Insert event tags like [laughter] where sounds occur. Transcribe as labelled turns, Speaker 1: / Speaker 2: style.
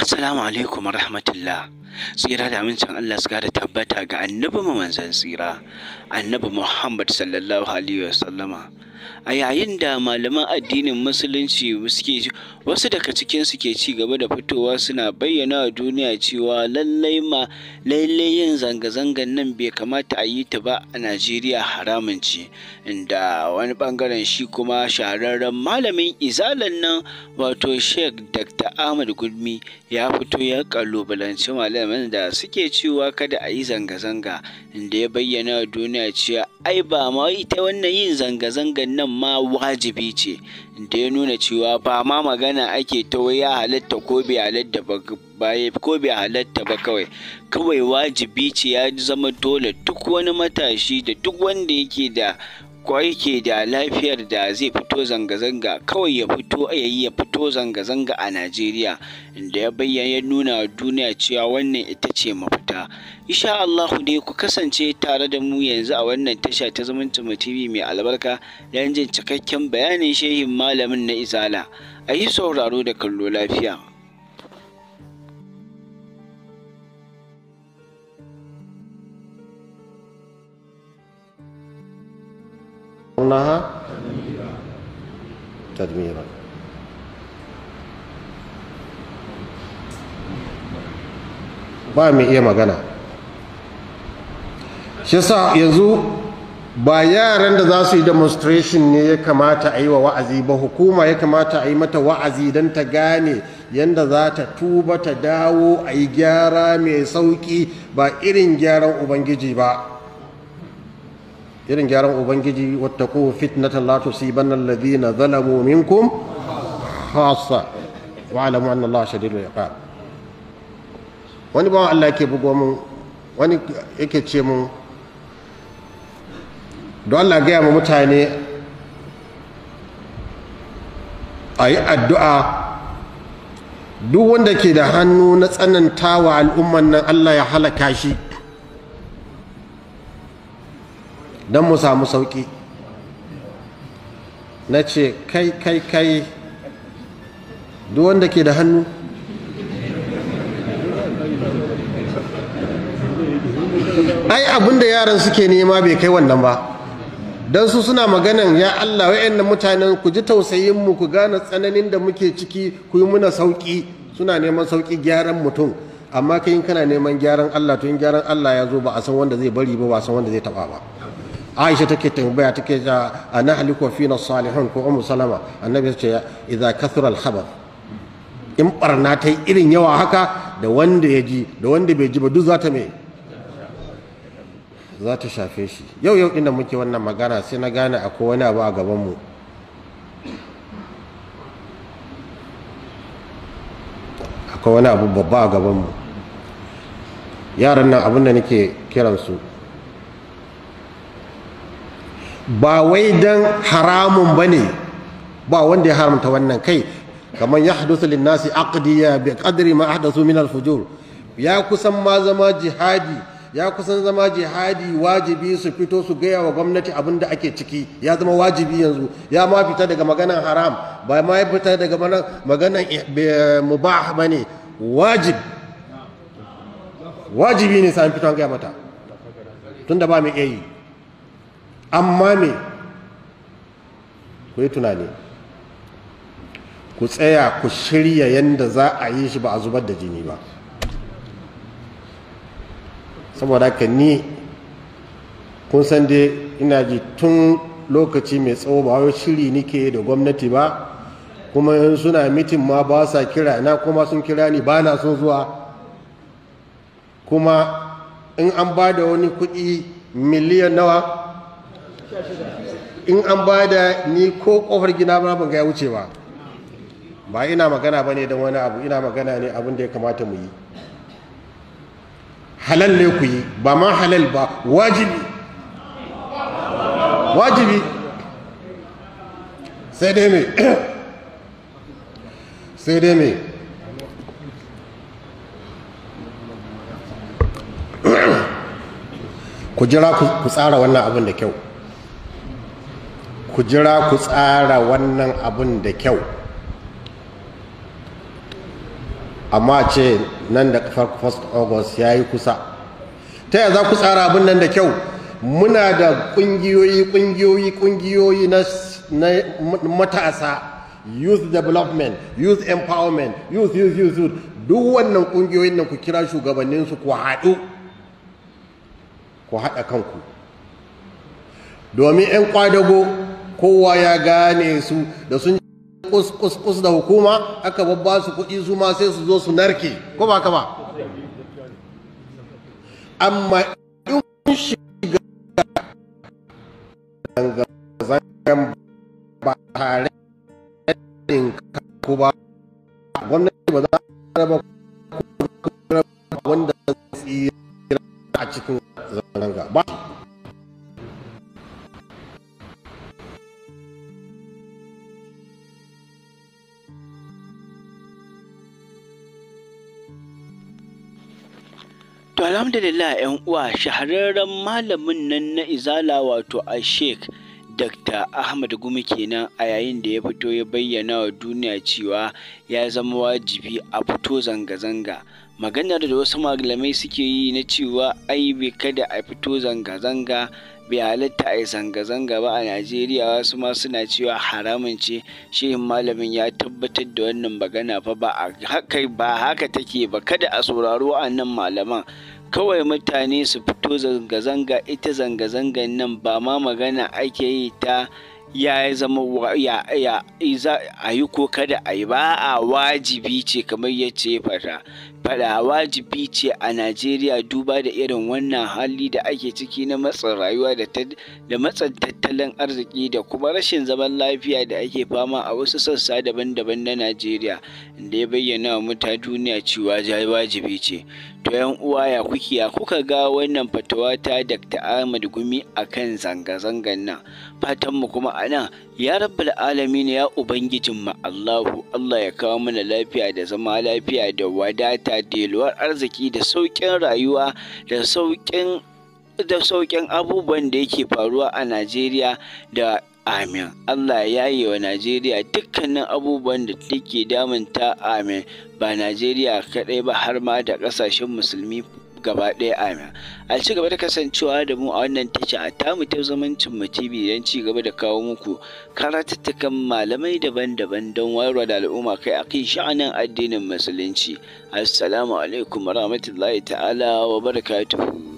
Speaker 1: Assalamu alaikum rahmatullah. tsira da amincin Allah su da tabbata ga annabi manzon tsira annabi Muhammad sallallahu alaihi wasallama a yayin da malaman addinin musulunci suke wasu daga cikin su ke ci gaba da fitowa suna bayyana wa duniya cewa lallai ma lallai yin zanga-zangan nan bai kamata a yi ta ba a Najeriya haramun ce inda wani bangaren shi kuma shahararren malamin izalan nan wato Sheikh Dr. Ahmad Gudmi ya fito ya kalubalanci malamin malamin da suke cewa kada a yi zanga-zanga inda ya bayyana wa duniya cewa ai ba ma ita wannan yin zanga-zangan nan ma wajibi ce inda ya nuna cewa ba ma magana ake ta ya halatta ko bai halatta ba ko bai halatta ba kawai kawai wajibi ce ya zama dole duk wani matashi da duk wanda yake da ko yake da lafiyar da zai fito zanga-zanga kawai ya fito yayi ya fito zanga-zanga a Najeriya inda ya bayyana ya nuna duniya cewa wannan ita ce mafita. Isha Allah dai ku kasance tare da mu yanzu a wannan tasha ta zumunta TV mai albarka don jin cikakken bayanin shehin malamin na Izala. A yi sauraro da kallo lafiya.
Speaker 2: ودمرناها تدميرا ba mai iya magana shi sa yanzu ba yaran da za su yi demonstration ne ya kamata a yi wa wa'azi ba hukuma ya kamata a yi mata wa'azi don ta gane yadda za ta tuba ta dawo a yi gyara mai sauƙi ba irin gyaran ubangiji ba irin gyaran ubangiji wata wattaqu fitnatan la tusibanna ladina zalamu minkum hasa wa alamu anna allaha shadidul iqab wani bawa Allah yake bugo mun wani yake ce mun don Allah gaya mu mutane a yi addu'a duk wanda ke da hannu na tsanantawa al'umman nan Allah ya halaka shi don mu samu sauƙi na ce kai kai kai duk wanda ke da hannu ai abinda yaran suke nema bai kai wannan ba don su suna maganan ya Allah wa'annan mutanen ku ji mu ku gane tsananin da muke ciki ku yi muna sauki suna neman sauƙi gyaran mutum amma kai in kana neman gyaran Allah tun in gyaran Allah ya zo ba a san wanda zai bari ba ba a san wanda zai taba ba aisha take tambaya take ta anahliku fina salihun ko ummu salama annabi ya ce idza kathura al khabar in barna ta irin yawa haka da wanda ya ji da wanda bai ji ba duk za ta me za ta shafe shi yau yau inda muke wannan magana sai na gane akwai wani abu a gaban mu akwai wani abu babba a gaban mu yaran nan abin da nake kiransu ba wai dan haramun bane ba wanda ya haramta wannan kai kamar ya hadusu linnasi aqdiya bi qadri ma ahdathu min al-fujur ya kusan ma zama jihadi ya kusan zama jihadi wajibi su fito su gaya wa gwamnati abin da ake ciki ya zama wajibi yanzu ya ma fita daga maganan haram ba ma ya fita daga maganan mubah bane wajib wajibi ne sai an fito an gaya mata tunda ba mai iya amma me ku yi tunani ku tsaya ku shirya yadda za a yi shi ba a zubar da jini ba saboda haka ni kun san dai ina ji tun lokaci mai tsawo ba wai shiri nike da gwamnati ba kuma in suna mitin ma ba sa kira na kuma sun kira ni ba na son zuwa kuma in an ba da wani kuɗi miliyan nawa in an ba da ni ko kofar gina ba ban gaya wuce ba ba ina magana ba ne don wani abu ina magana ne abin da ya kamata mu yi halal ne ku yi ba ma halal ba wajibi wajibi sai dai mai [coughs] sai dai mai [coughs] ku jira ku tsara wannan abin da kyau ku jira ku tsara wannan abin da kyau amma ce nan da 1st august ya yi kusa ta yi za ku tsara abin nan da kyau muna da ƙungiyoyi ƙungiyoyi ƙungiyoyi na matasa youth development youth empowerment youth youth youth youth duk wannan ƙungiyoyin nan ku kira shugabanninsu ku haɗu ku haɗa kanku domin 'yan kwadago kowa ya gane su da sun kus da hukuma aka babba su kuɗi su ma sai su zo su narke ko ba ka ba amma in shiga zanga ba tare ɗin ku ba gwamnati ba za a raba wanda tsira a cikin
Speaker 1: To alhamdulillah ‘yan uwa shahararren malamin nan na Izala wato a Sheikh Dr. Ahmad Gumi kenan a yayin da ya fito ya bayyana wa duniya cewa ya zama wajibi a fito zanga-zanga maganar da wasu malamai suke yi na cewa ai bai kada a fito zanga-zanga bai halatta a yi zanga-zanga ba a najeriya wasu ma suna cewa haramun ce shehin malamin ya tabbatar da wannan magana fa ba haka ba haka take ba kada a saurari wa'annan malaman kawai mutane su fito zanga-zanga ita zanga zanga nan ba ma magana ake yi ta ya zama ya ya a yi ko kada a yi ba a wajibi ce kamar yace fata faɗa wajibi ce a Najeriya duba da irin wannan hali da ake ciki na matsin rayuwa da matsin tattalin arziki da kuma rashin zaman lafiya da ake fama a wasu sassa daban-daban na Najeriya da ya bayyana wa muta duniya cewa wajibi ce. To yan uwa ya kuke ya kuka ga wannan fatawa ta Dr. Ahmad Gumi kan zanga-zangan nan. Fatanmu kuma kuma anan ya rabbal alamin ya ubangijinmu. Allahu Allah ya kawo mana lafiya da zama lafiya da wadata da deluwar arziki da sauƙin rayuwa da sauƙin da sauƙin abubuwan da yake faruwa a Najeriya da amin Allah ya yi wa Najeriya dukkanin abubuwan da take damunta amin ba Najeriya kaɗai ba har ma da ƙasashen musulmi gaba ɗaya amin a ci gaba da kasancewa da mu a wannan tasha a tamu ta zamancin mu tv don ci gaba da kawo muku karatattakan malamai daban-daban don wayarwa da al'umma kai a kan sha'anin addinin musulunci assalamu alaikum warahmatullahi ta'ala wa barakatuhu